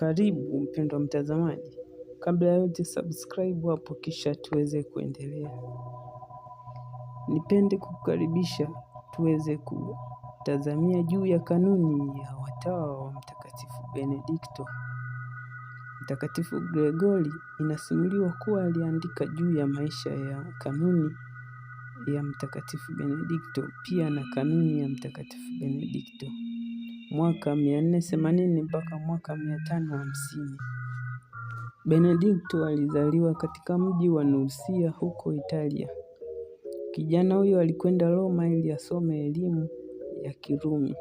Karibu mpendwa mtazamaji, kabla ya yote subscribe hapo, kisha tuweze kuendelea. Nipende kukukaribisha tuweze kutazamia juu ya kanuni ya watawa wa Mtakatifu Benedikto. Mtakatifu Gregori inasimuliwa kuwa aliandika juu ya maisha ya kanuni ya Mtakatifu Benedikto, pia na kanuni ya Mtakatifu Benedikto mwaka 480 mpaka mwaka 550. Benedikto alizaliwa katika mji wa Nursia huko Italia. Kijana huyo alikwenda Roma ili asome elimu ya Kirumi,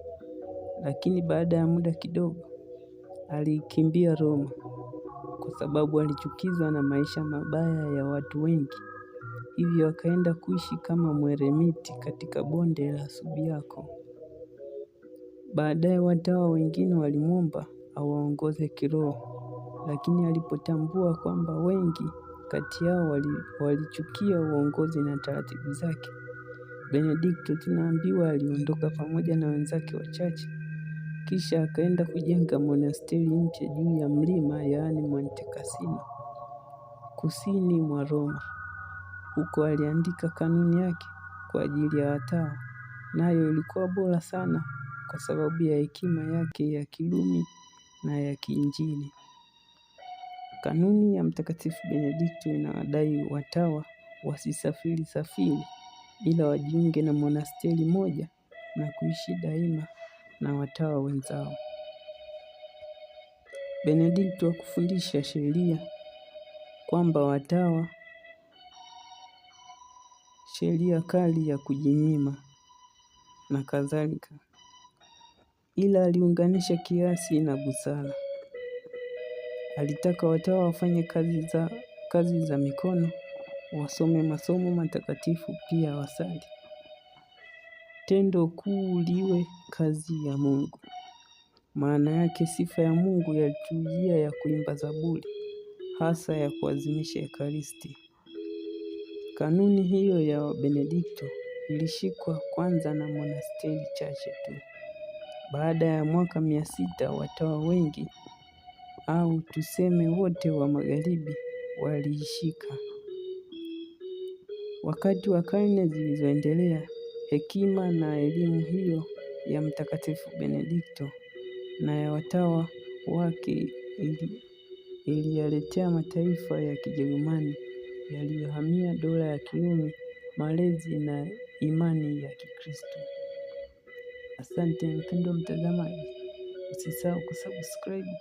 lakini baada ya muda kidogo alikimbia Roma kwa sababu alichukizwa na maisha mabaya ya watu wengi, hivyo akaenda kuishi kama mweremiti katika bonde la Subiaco. Baadaye watawa wengine walimwomba awaongoze kiroho, lakini alipotambua kwamba wengi kati yao walichukia uongozi na taratibu zake, Benedikto tunaambiwa aliondoka pamoja na wenzake wachache, kisha akaenda kujenga monasteri mpya juu ya mlima, yaani Monte Cassino, kusini mwa Roma. Huko aliandika kanuni yake kwa ajili ya watawa, nayo ilikuwa bora sana kwa sababu ya hekima yake ya kidini na ya kiinjili. Kanuni ya Mtakatifu Benedikto inawadai watawa wasisafiri safiri, ila wajiunge na monasteri moja na kuishi daima na watawa wenzao. Benedikto hakufundisha sheria kwamba watawa sheria kali ya kujinyima na kadhalika ila aliunganisha kiasi na busara. Alitaka watawa wafanye kazi za, kazi za mikono, wasome masomo matakatifu, pia wasali. Tendo kuu liwe kazi ya Mungu. Maana yake sifa ya Mungu yalitujia ya kuimba Zaburi, hasa ya kuazimisha Ekaristi. Kanuni hiyo ya Benedikto ilishikwa kwanza na monasteri chache tu. Baada ya mwaka mia sita watawa wengi au tuseme wote wa magharibi waliishika. Wakati wa karne zilizoendelea, hekima na elimu hiyo ya Mtakatifu Benedikto na ya watawa wake iliyaletea mataifa ya Kijerumani yaliyohamia dola ya Kirumi malezi na imani ya Kikristo. Asante mpendwa mtazamaji, usisahau kusubscribe.